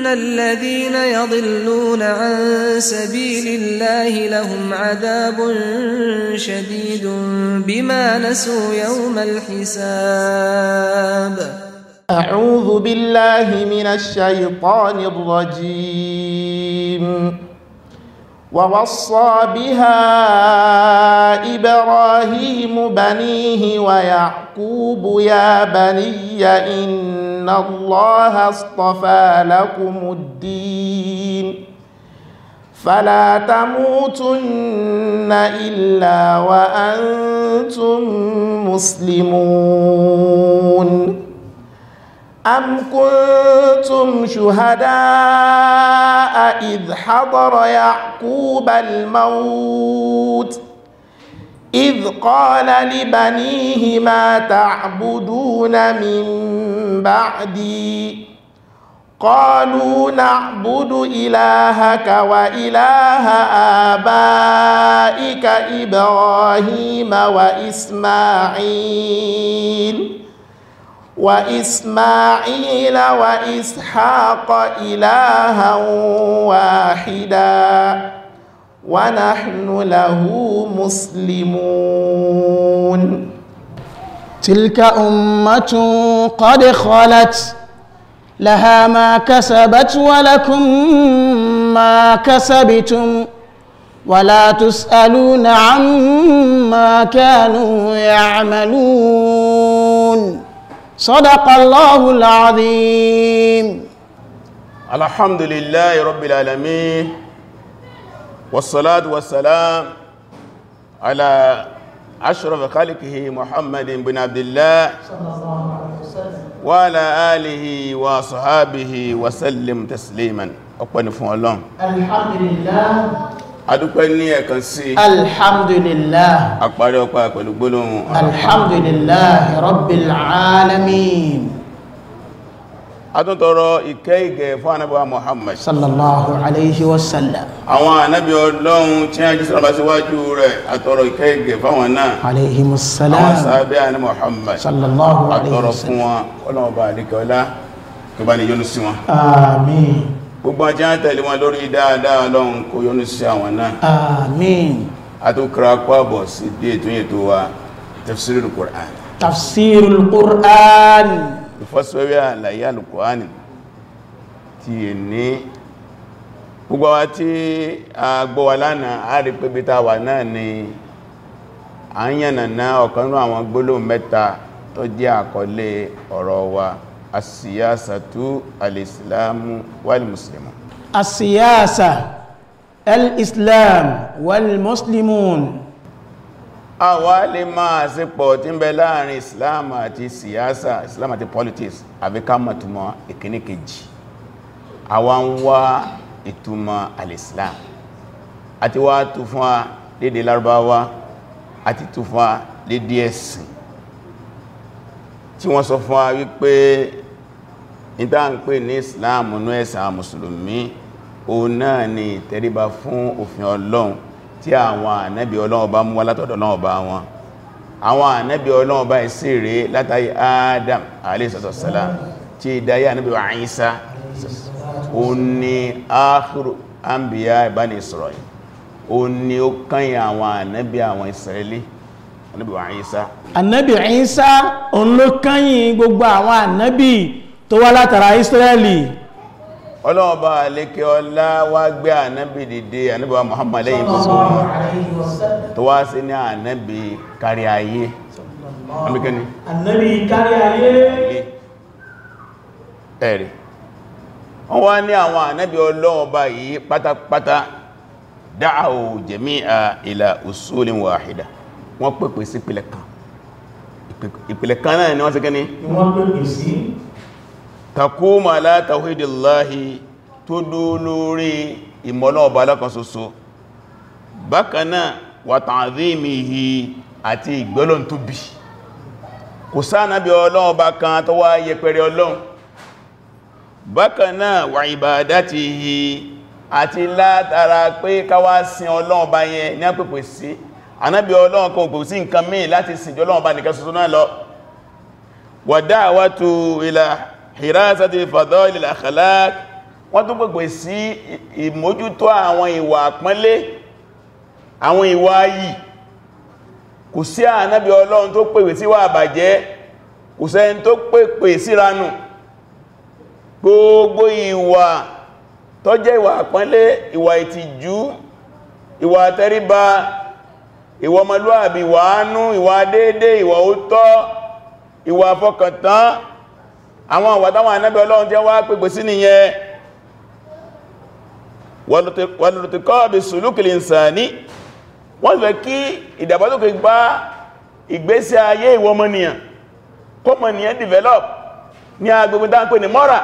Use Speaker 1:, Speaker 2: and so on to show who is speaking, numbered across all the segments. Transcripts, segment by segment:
Speaker 1: ان الذين يضلون عن سبيل الله لهم عذاب شديد بما نسوا يوم الحساب اعوذ بالله من الشيطان الرجيم ووصى بها ابراهيم بنيه ويعقوب يا بني ان إن الله اصطفى لكم الدين فلا تموتن إلا وأنتم مسلمون أم كنتم شهداء إذ حضر يعقوب الموت ؟ إذ قال لبنيه ما تعبدون من بعدي قالوا نعبد إلهك وإله آبائك إبراهيم وإسماعيل وإسماعيل وإسحاق إلها واحداً ونحن له مسلمون تلك أمة قد خلت
Speaker 2: لها ما كسبت ولكم ما كسبتم ولا تسألون عما كانوا
Speaker 3: يعملون صدق الله العظيم الحمد لله رب العالمين والصلاة والسلام على أشرف خلقه محمد بن عبد الله وعلى آله وصحابه وسلم تسليما أقوى نفهم الله
Speaker 1: الحمد لله
Speaker 3: adúpẹ́ ní ẹ̀kan sí alhamdulillah àpàrí ọpá pẹ̀lú gbólóhùn alhamdulillah rabbil alamin atúntọrọ ìkẹ́ ìgẹ̀ fún anábíwá Muhammad sallallahu alaihi wasallam àwọn anábí ọlọ́run tí a jí sọ́rọ̀ bá síwájú rẹ̀ àtọrọ ìkẹ́ ìgẹ̀ fáwọn náà alaihi wasallam àwọn sàábẹ́ àní Muhammad sallallahu alaihi wasallam àtọrọ fún wọn ìfọ́sọ́wẹ́ àlàyé alùkùránì ti è ní gbogbo wa tí a gbọ́ lánàá a rí pé bí ta wà náà ni a ń yànà náà ọ̀kanú àwọn gbólóhùn mẹ́ta tó jẹ́ àkọlé ọ̀rọ̀ wa asìyásàtú alìsìláàmù wàlìmùsìlìmù
Speaker 2: asìyásà alìsìláàmù wàlìmùsìlìmù
Speaker 3: a wá lè máa sí pọ̀ tí ń bẹ láàrin islam àti siyasa islam àti politics àbíkámọ̀túnmọ̀ ìkíníkejì àwa ń wá ìtumọ̀ al-islam àti wá tó fún a lédè lárúbáwá àti tó fún a lédè ẹ̀sìn tí wọ́n sọ fún a wípé ìdá ń pè ní islam nú ẹ̀sà mùsùlùmí òun náà ni ìtẹríba fún òfin ọlọ́run tí àwọn ànábì ọlọ́ọ̀bá mú wá látọ̀dọ̀ ọlọ́ọ̀bá wọn àwọn ànábì ọlọ́ọ̀bá ìsí rẹ̀ látàrí adam alẹ́sọ̀sọ̀sọ̀lá tí ìdáyé ànábì Ìsá ó ní áàkùrù àmbíyá Bani Israil ó ní ó kányà àwọn ànábì àwọn Ísírẹ́lì ànábì Ìsá
Speaker 2: ànábì Ìsá òun ló kányìn gbogbo àwọn
Speaker 3: ọlọ́ọ̀bá alékẹ́ ọlá wá gbé ànábì dìde ànábì wa Muhammad lẹ́yìn gbogbo wọn tó wá sí ní ànábì kárí ayé amíkẹni ànábì kárí ayé ẹ̀rẹ̀ wọ́n wá ní àwọn ànábì ọlọ́ọ̀bá yìí pátápátá da'u jami'a ila usulin wahida wọ́n pèpè ìpìlẹ̀ kan náà ni wọ́n sí kẹ́ni
Speaker 2: wọ́n pèpè sí
Speaker 3: Takuma la tó dó lórí ìmọ̀lọ́ ọba alákan ṣoṣo bákanáà wà ati àti ìgbọ́lọ́n bi, bí kò sáànábí ọlọ́run bá kan tó wá yẹpẹrẹ ọlọ́run bákanáà wà ibadatihi àti látara pé káwá sin ọlọ́run bá yẹn ní àpẹ̀pẹ̀ sí anábí ọlọ́run kan òpèpẹ̀ sí nǹkan mìí láti sìn jọlọ́run bá nìkan ṣoṣo náà lọ wa da'watu ila hirasati fadailil akhlaq wọ́n tún gbogbo sí ìmójútó àwọn ìwà àpọ́nlé àwọn ìwà ayì kò sí ànábí ọlọ́run tó pèwè sí wà àbàjẹ́ kò sẹ́ni tó pèpè síranù gbogbo ìwà tó jẹ́ ìwà àpọ́nlé ìwà ìtìjú ìwà àtẹríba ìwà ọmọlúàbí ìwà àánú ìwà déédé ìwà òótọ́ ìwà àfọkàntán àwọn àwàdáwọn anábẹ́ ọlọ́run jẹ́ wá pẹ̀gbẹ̀ sí nìyẹn wàlùtùkọ́ bí sùlúkìlì ìsàní wọ́n fẹ́ kí ìdàbàsókè bá ìgbésí ayé ìwọmọnìyàn kọmọnìyàn develop ní agbègbè dáńpé ní mọ́ra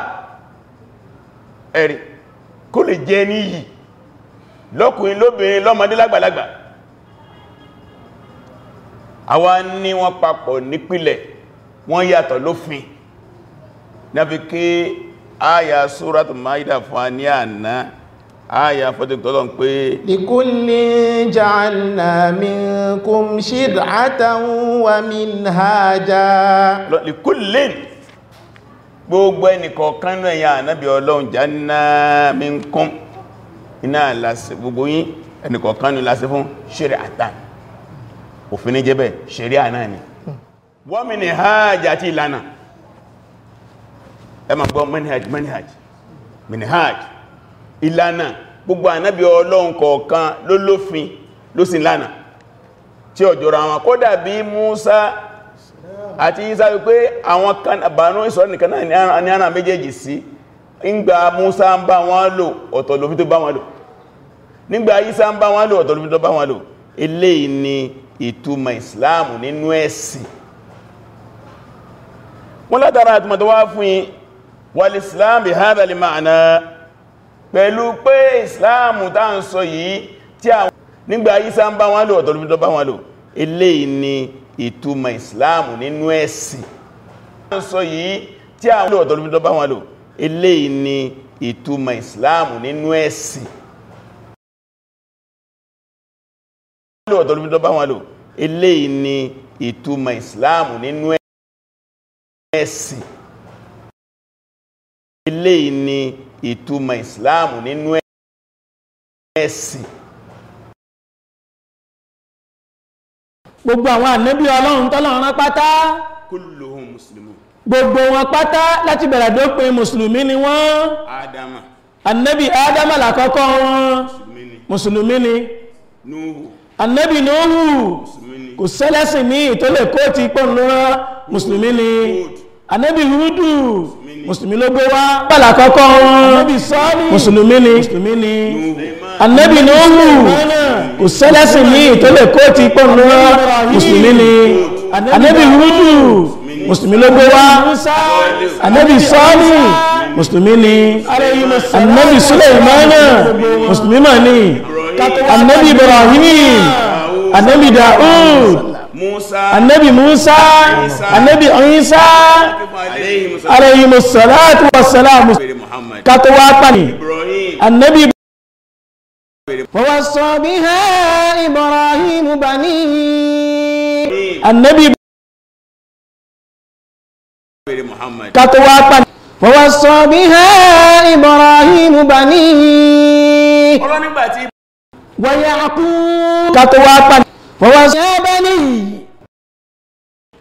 Speaker 3: ẹ̀rì kó lè jẹ níyì lọ́kùnrin lóbìnrin lọ́mọdé lágbàlagbà àwa ni wọ́n papọ̀ nípìlẹ̀ wọ́n yàtọ̀ lófin náfi kí áyà súratù Maida fún a ní àná áyà fọ́dún tọ́lọ̀ ń pé
Speaker 1: likullin ja'alna minkum shid'atan wa minhaja
Speaker 3: likullin gbogbo ẹnìkọ̀ọ̀kan náà ya ànábì ọlọ́run ja'alna minkum iná àlàsì gbogbo yín ẹnìkọ̀ọ̀kan ní lásì fún shir'atan òfin ní jẹ́bẹ̀ shari'a náà ni hmm. wa minhaja ti ìlànà ẹ ma gbọ́ manhaj manhaj manhaj ìlànà gbogbo ànábí ọlọ́run kọ̀ọ̀kan ló lófin ló sì lánà tí ọjọ́rọ̀ àwọn kódà bí Musa àti Isa wípé àwọn kan Banu Israel nìkan náà ní ara méjèèjì sí nígbà Musa ń bá wọn lò ọ̀tọ̀ lófin tó bá wọn lò nígbà Isa ń bá wọn lò ọ̀tọ̀ tó bá wọn lò eléyìí ni ìtumọ̀ Islam nínú ẹ̀sìn wọ́n látara àtùmọ̀ fún wal بهذا bi hadha al-ma'na pẹ̀lú pé islam tá ń sọ yìí tí àwọn nígbà Ìsá ń bá wọn lò ọ̀tọ̀lúbítọ́ bá wọn lò eléyìí ni ìtumọ̀ islam nínú ẹ̀sìn tá ń sọ yìí tí àwọn lò ọ̀tọ̀lúbítọ́ bá wọn lò ni ìtumọ̀ islam nínú ẹ̀sìn
Speaker 4: lò ọ̀tọ̀lúbítọ́ bá wọn lò eléyìí ni ìtumọ̀ islam nínú ẹ̀sìn eléyìí ni ìtumọ̀ ìsìláàmù nínú ẹ̀sìn gbogbo àwọn ànábí ọlọ́run tọ́lọ́run rán pátá kulluhum muslimun gbogbo wọn pátá láti bẹ̀rẹ̀ dópin
Speaker 2: mùsùlùmí ni wọ́n
Speaker 3: adama adama làkọ́kọ́ wọn
Speaker 2: mùsùlùmí ni nuhu ànábí nuhu kò sẹ́lẹ́sìn ní ìtólẹ̀kó ti pọ̀ lọ́rọ̀ mùsùlùmí ni Hud anabi hudu mùsùlùmí ló gbé wá pàlà kọ́kọ́ wọn mùsùlùmí ni anabi nuhu kò sẹ́lẹ́sì ní ìtọ́lẹ̀ kó ti pọ̀ lọ́wọ́ ni anabi hudu mùsùlùmí ló gbé wá anabi sọ́ọ́lì mùsùlùmí ni anabi sulaimana mùsùlùmí mà ni
Speaker 3: anabi ibrahim anabi daud Musa annabi Musa annabi Isa
Speaker 2: alayhi salatu wassalamu
Speaker 3: ka tó wá pani
Speaker 2: annabi
Speaker 4: wawassa biha Ibrahim banihi annabi
Speaker 2: ka tó wá pani
Speaker 4: wawassa biha Ibrahim banihi
Speaker 2: wa
Speaker 3: Yaqub ka tó wá pani يا
Speaker 2: بني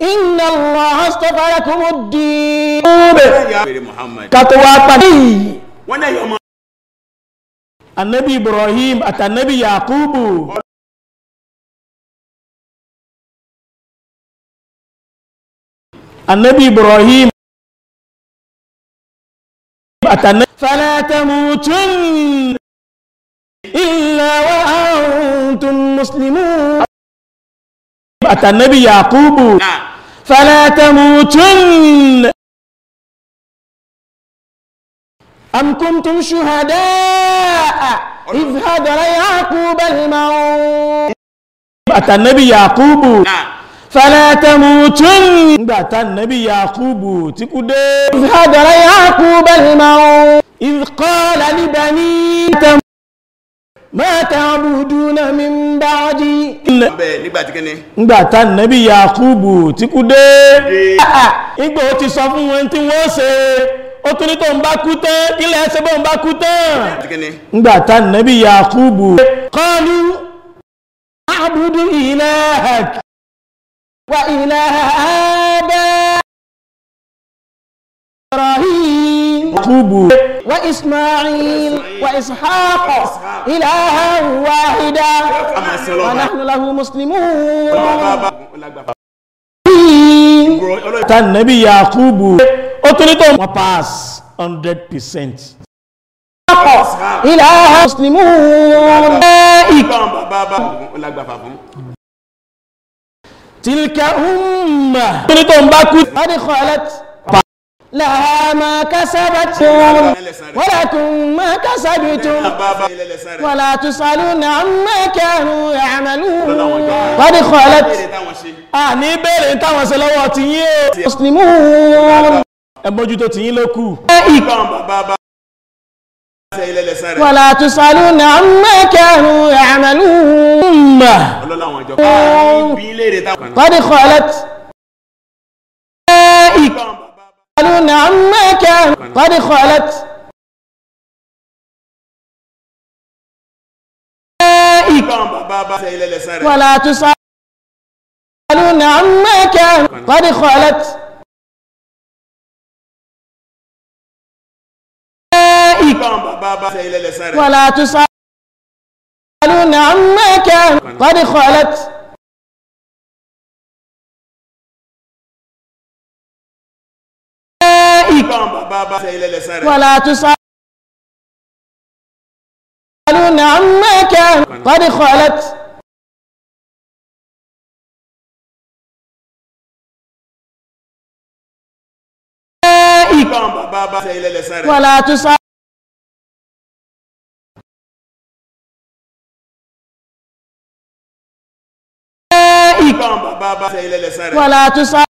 Speaker 2: إن الله اصطفى لكم الدين
Speaker 3: كتوا بني
Speaker 4: النبي إبراهيم أتى النبي يعقوب النبي إبراهيم فلا تموتن إلا وأنتم مسلمون àtànẹ́bí yakubu falatàmùtún amkuntum ṣuhadá ìfàdára
Speaker 1: yakubu alimaun
Speaker 2: àtànẹ́bí yakubu falatàmùtún nígbàtà nẹ́bí yakubu tí kú dé ìfàdára yakubu alimaun ìfàdára yakubu alimaun ma ta'buduna min ba'di. bẹ́ẹ̀ nígbà tí kíni. yakubu tí kú dé. Ah, ah. ìgbà ó ti sọ fún wọn tí wọ́n ṣe ó tún ní tó ń bá kú tán kí lẹ́ẹ̀ ṣe ń bá kú tán. nígbà tá yakubu.
Speaker 4: qalu a'budu ilahak wa ilaha abẹ́. ibrahim.
Speaker 2: يعقوب وإسماعيل وإسحاق إلها واحدا ونحن له مسلمون النبي يعقوب أطلتهم وباس 100%
Speaker 3: إلى مسلمون تلك أمة قد خالت laha ma
Speaker 2: kasabatun walakum ma kasabtum wala tusaluna amma kanu ya'malun qad khalat a ní bẹ̀rẹ̀ táwọn ṣe lọ́wọ́ ti yí o muslimun ẹgbójú tó ti yí lókù
Speaker 3: wala tusaluna amma kanu
Speaker 2: ya'malun qad khalat
Speaker 4: عما كان قد خالت ولا تسألون عما كان قد خالت ولا تسألون عما كان قد خالت ولا تسألون عما كان قد خلت ولا تسأل ولا تسأل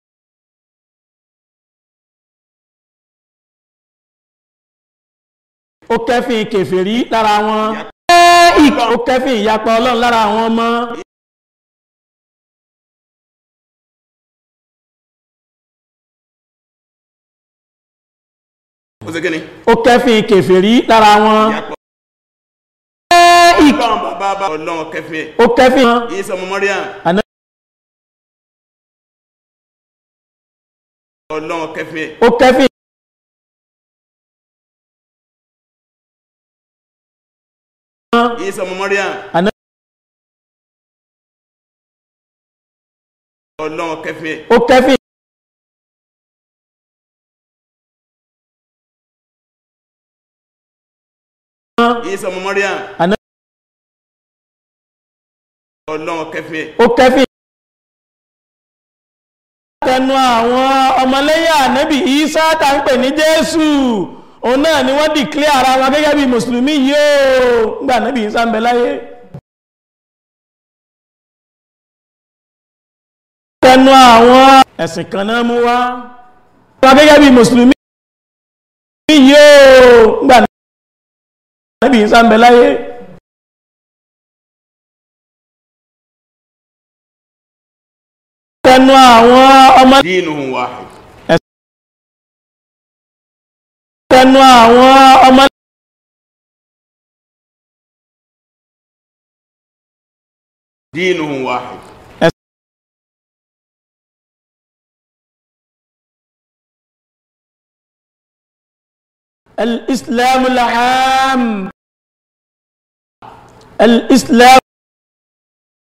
Speaker 4: ó kẹ́fìn kèfèrí lára wọn ó kẹ́fìn ìyapa ọlọ́run lára àwọn ọmọ. ó kẹ́fìn kèfèrí lára wọn. ọlọ́run bàbá ọlọ́run kẹ́fìn. ó kẹ́fìn. ìyísọ̀ ọmọ mọ́ríà. ọlọ́run kẹfìn ó kẹfìn Isa ọmọ Maryam ọlọ́run kẹfẹ́ ó kẹfẹ́ Isa ọmọ Maryam ọlọ́run kẹfẹ́ ó kẹfẹ́ látẹnu àwọn ọmọlẹ́yà nẹ́bì Isa tá ń pè ní Jésù òun náà ni wọ́n declare ara wọn gẹ́gẹ́ bí mùsùlùmí yóò gbà níbi ìsàmbẹ̀ láyé ẹnu àwọn ẹ̀sìn kan náà mú wá wọn gẹ́gẹ́ bí mùsùlùmí yóò gbà níbi ìsàmbẹ̀ láyé ẹnu àwọn ọmọ dínú wahid دينه واحد الإسلام العام الإسلام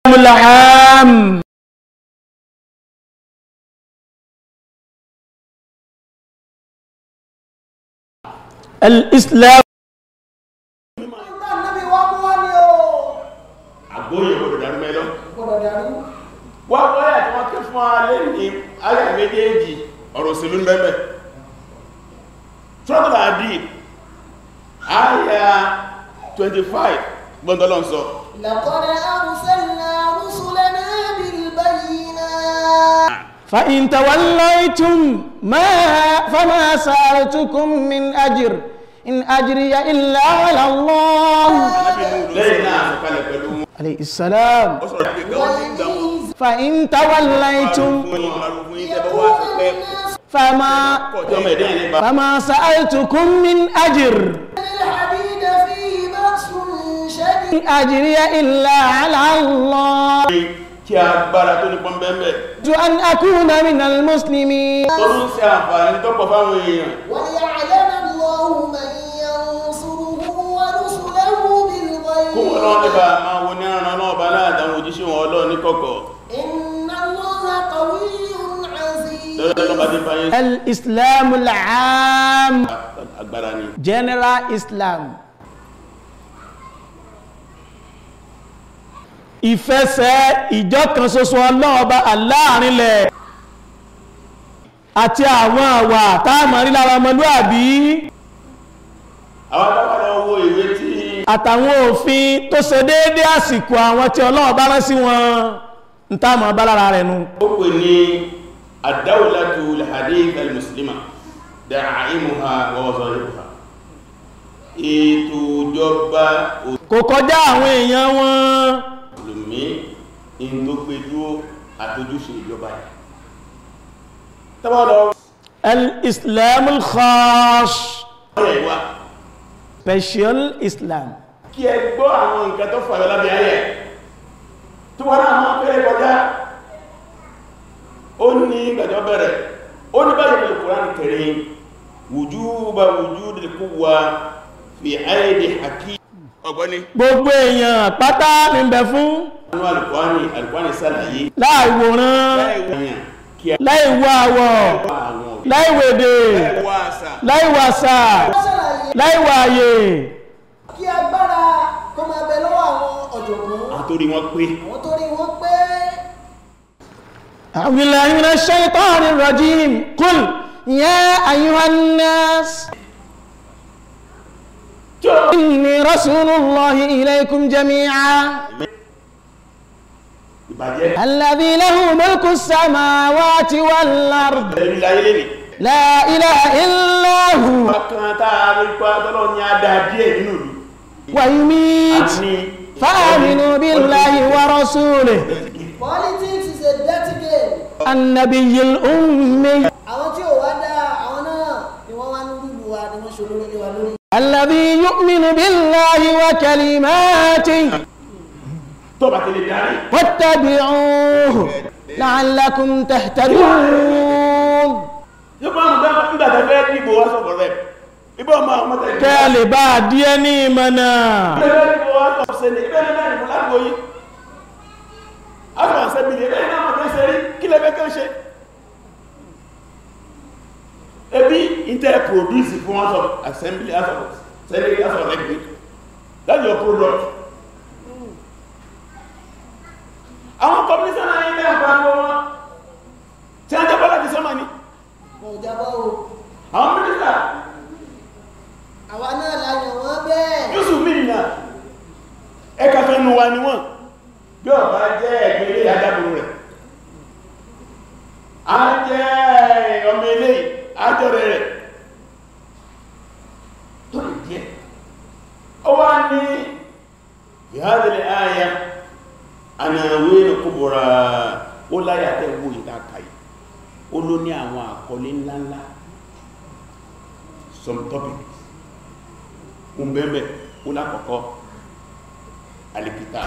Speaker 4: العام الإسلام. islam
Speaker 3: àgbóyè gbọdọ̀ dàrú mẹ́lọ. wọ́n wọ́n yà tí wọ́n ké fún wa lẹ́yìn ní ayé méjèèjì ọ̀rọ̀ òṣèlú ń bẹ́ẹ̀ trọ́dọ̀lá àdí ayà 25 gbọ́ndọ́lọ́n sọ. laqad
Speaker 2: arsalna rusulana فما سألتكم من أجر إن أجري إلا على الله عليه السلام فإن توليتم فما فما سألتكم من أجر إن أجري إلا على الله
Speaker 3: kí agbára tó ní pọ́nbẹ́mẹ́.
Speaker 2: ju an akuna minal
Speaker 3: muslimin. tó ń ṣe àǹfààní tọ́pọ̀ fáwọn èèyàn. wọ́n
Speaker 1: yà á lẹ́nu lọ́wọ́
Speaker 2: kó wọn lọ́wọ́ nípa
Speaker 3: máa wo ní àrùn náà bá wọn ọlọ́ ní kọ̀kọ̀. al islam al aam. agbára ni.
Speaker 2: general islam. ìfẹsẹ̀ ìjọkan ṣoṣo ọlọ́ọba aláàrinlẹ̀ àti àwọn àwà táàmàrí lára ọmọlúàbí àtàwọn òfin tó ṣe déédé àsìkò àwọn tí ọlọ́ọba rán sí wọn ń táàmà bá rẹ̀ nu
Speaker 3: kò kọjá àwọn èèyàn wọn mùsùlùmí in tó gbé dúró àtọ́júṣe ìjọba yìí
Speaker 2: tọ́bọ̀lọ́ al-islam al-khaas special islam
Speaker 3: kí ẹ gbọ́ àwọn nǹkan tó fàyọ lábẹ́ ayẹ tó wọ́n náà máa fẹ́rẹ̀ kọjá ó ní ìgbàjọ́ bẹ̀rẹ̀ ó ní báyìí pẹ̀lú Qur'an Karim wujuba wujudil quwwa fi aidi hakim ọgbọ́ni
Speaker 2: gbogbo èèyàn pátá ní bẹ fún
Speaker 3: láìwòrán
Speaker 2: láìwò àwọ̀
Speaker 3: láìwèdè láìwàsà
Speaker 2: láìwàyè kí agbára kó máa bẹ lọ́wọ́ àwọn ọ̀jọ̀gbọ́n àtórí wọn pé àwọn torí wọn pé àwìlà ìrìnà ṣe ìtọ́ àrin rajim kúl yẹ́ àyíwá náà inni rasulullahi ilaykum jami'a. alladhi lahu mulku samawati wal
Speaker 3: ard. la ilaha illa hu. ọkàn tá a rí pa tọ́lọ́ ní adájú ẹ̀ nínú mi. wayumit fa'aminu billahi wa
Speaker 2: rasulihi.
Speaker 3: politics is a dirty game.
Speaker 2: annabiyil ummi. àwọn tí ò wá dáa àwọn náà ni wọ́n wá ń lùlù wa ni wọ́n ṣe olórí wa lórí. يؤمن بالله وكلماته واتبعوه لعلكم تهتدون kẹ́lẹ̀ bá díẹ̀ ní ìmọ̀nà
Speaker 3: ebi inter produce fún house of assembly house of Let me, that's what I mean. That's your product. ó láyà tẹ́ wo ìdáka yìí ó ló ní àwọn àkọlé ńláńlá some topics ń bẹ́ẹ̀ ó lákọ̀ọ́kọ́ alikita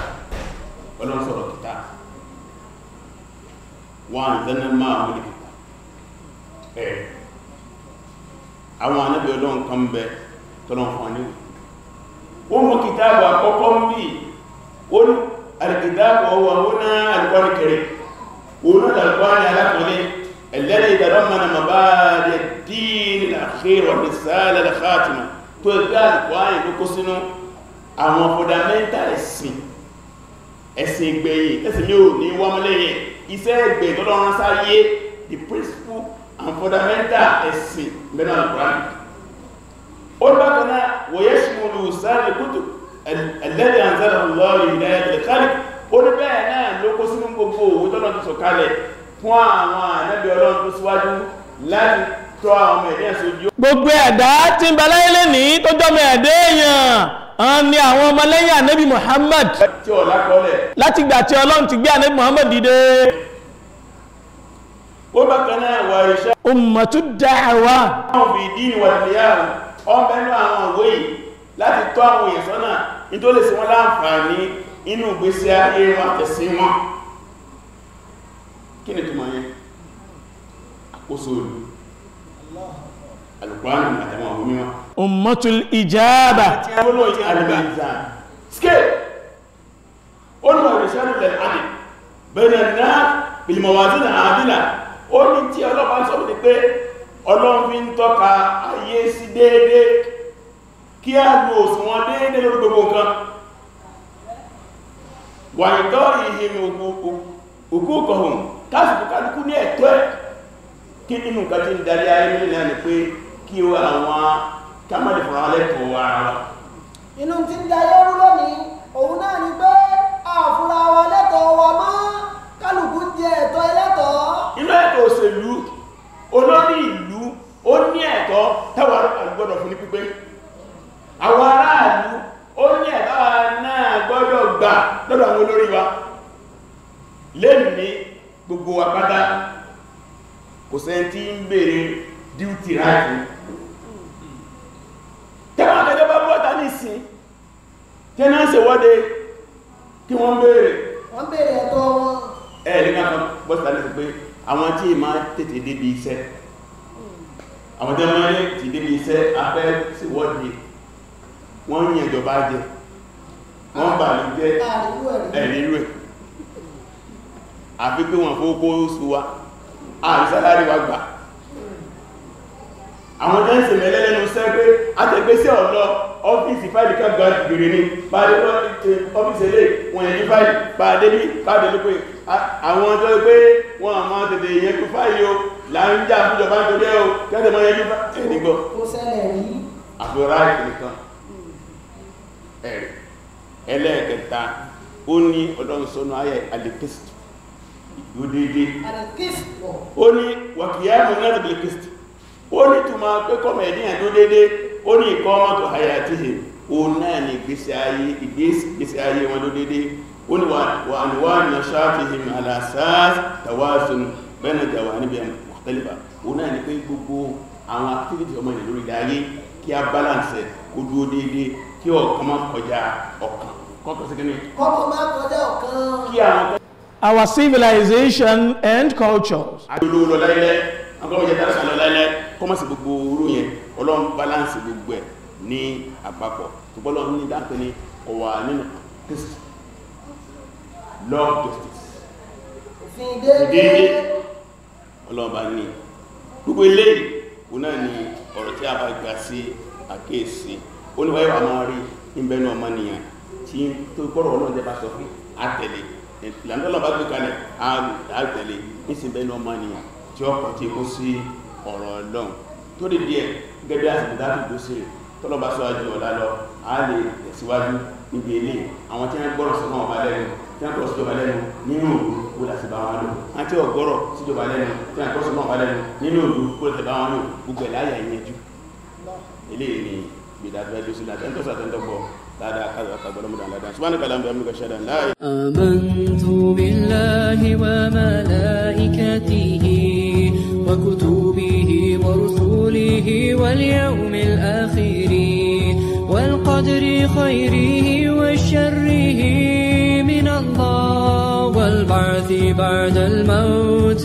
Speaker 3: ọlọ́run sọ̀rọ̀ kita wọn àzẹ́nà máa wọlé kita ẹ̀ àwọn anábì ọlọ́run kan bẹ tọ́lọ́n fún aníwò ó mú kìtàbù àkọ́kọ́ ń bí ó alikita ọwọ́ àwọn náà alukọ́rin kẹrẹ́ òun náà lọ́gbọ́n ní alákùnrin ẹ̀lẹ́rẹ̀ ìdàdọ́mọ̀nà mọ̀báàdẹ̀ díìnì àfihàn ìsáàlẹ̀ àfáàtìmà tó ẹgbẹ́ àlùkò ààyè kókó sínú àwọn fọdàmẹ́ntà ẹ̀sìn ẹ̀sìn ìgbẹ̀yìn ẹ̀sìn mi ò ní wọ́mọlẹ́yìn iṣẹ́ ẹgbẹ̀ tọ́lọ́run sáyé the principle and fundamental ẹ̀sìn mẹ́nà àlùkùránì ó bákan náà wòye ṣùgbọ́n olùsáàlẹ̀ kútù ẹ̀lẹ́rẹ̀ àǹzẹ́lẹ̀ ọlọ́rin ìdáyẹ̀ ó ní bẹ́ẹ̀ náà ló kó sínú gbogbo òwò tọ́lọ́ ti sọ̀kalẹ̀ fún àwọn ànábì ọlọ́run tó síwájú láti tọ́ àwọn ọmọ ẹ̀dẹ́ sójú.
Speaker 2: gbogbo ẹ̀dá tí ń bẹ láyé tó jọmọ ẹ̀dẹ́ èèyàn àwọn ni àwọn ọmọlẹ́yìn ànábì Muhammad láti gbà tí ọlọ́run ti gbé ànábì Muhammad dìde ó bákan
Speaker 3: náà wà iṣẹ́ ummatu da'wa àwọn fi dini wà níyàwó ọmọ ẹnu àwọn òwe láti tọ́ àwọn inú ìgbésí ayé wọn àtẹ̀sí wọn kí ni tó máa yẹ àkóso olù alùkwánù àtàwọn àwọn mímọ́ ummatul ijaba scale olùmọ̀ ìrìnṣẹ́lù lẹ́nà àdì bẹ̀rẹ̀ náà bìlìmọ̀wàdí náà àdìlà ó ní tí ọlọ́pàá sọ ní pé ọlọ́run ń tọ́ka ayé sí déédéé kí á lo òsùnwọ̀n déédéé lórí gbogbo nǹkan wà ìtọ́ ìhìn òkúkọ̀hùn káàkiri kálukú ní ẹ̀tọ́ ẹ̀ kí nínú nǹkan tí ń darí ayé nílẹ̀ náà ni pé kí wa ara wa.
Speaker 2: inú ti ń darí ẹrú lónìí òun náà ni pé àfúra wa lẹ́tọ̀ọ́ wa mọ́ kálukú ń jẹ ẹ̀tọ́ ẹlẹ́tọ̀ọ́.
Speaker 3: inú ó èèyàn bá jẹ wọ́n bà ní jẹ́ ẹ̀rírú ẹ̀ àfi pé wọ́n fowó kó oṣù wa àrí sálárì wa gbà àwọn tó ń ṣe mẹ́lẹ́lẹ́nu sẹ́gbé àtẹ̀gbésẹ̀ ọ̀lọ́ ọ́fíìsì fáìlì kan gbèrè ní pàdé ọ́fíìsì ilé wọ́n yẹn ní fáìlì pàdé ẹ̀rì ẹlẹ́ẹ̀kẹta ó ní ọlọ́run sọ́nà ayẹ alikist ìdúdédé ó ní wàkìyàmù náà alikist ó ní túnmọ̀ pé kọ́mọ̀ ẹ̀dí àdúdédé ó ní ìkọ́ ọmọ tó hayà tí hì ó náà ní ìgbésí ayé ìgbésí ayé wọn lódédé ó ní wà ní wà ní ṣáàfihìm alásáàs tàwásùn bẹ́ẹ̀nà jàwà kí ọ̀kan má kọjá ọ̀kan kọ́kọ́ sí kíní. kọ́kọ́ má kọjá ọ̀kan. kí àwọn.
Speaker 2: our civilization and cultures.
Speaker 3: àjọlò lọ láyé agbọ́mọ̀jẹ́ tàbí sàlọ láyé kọ́mọ̀sí gbogbo oró yẹn ọlọ́run balance gbogbo ẹ̀ ní àpapọ̀ ṣùgbọ́n lọ́run ní dáńpẹ́ ní ọ̀wà nínú Kristi love justice. ìdíyẹ ọlọ́ọ̀bá ní gbogbo eléyìí òun náà ni ọ̀rọ̀ tí a bá gbà sí àkéèsí oníwáyé wa máa rí ìbẹnu ọmọnìyàn tí tó gbọ́rọ̀ ọlọ́run tẹ́ bá sọ pé àtẹ̀lé ìlànà ọlọ́run bá gbé kalẹ̀ àtẹ̀lé nísìnyìnbẹnu ọmọnìyàn tí ó kọ̀ tí kó sí ọ̀rọ̀ ọlọ́run tó lè díẹ̀ gẹ́gẹ́ àsìkò dáàbò tó ṣe tọ́lọ́ bá síwájú ọ̀la lọ á lè tẹ̀síwájú níbi ilé àwọn tí wọ́n gbọ́rọ̀ sọ́kàn ọba lẹ́nu tí wọ́n gbọ́rọ̀ síjọba lẹ́nu nínú òru kó làṣẹ bá wọn lò wọ́n tí wọ́n gbọ́rọ̀ síjọba lẹ́nu tí wọ́n gbọ́rọ̀ sọ́kàn ọba lẹ́nu nínú òru kó làṣẹ bá wọn lò gbogbo ẹ̀ láyà ìyẹn eléyìí ni آمنت
Speaker 1: بالله وملائكته وكتبه ورسوله واليوم الآخر والقدر خيره وشره من الله والبعث بعد الموت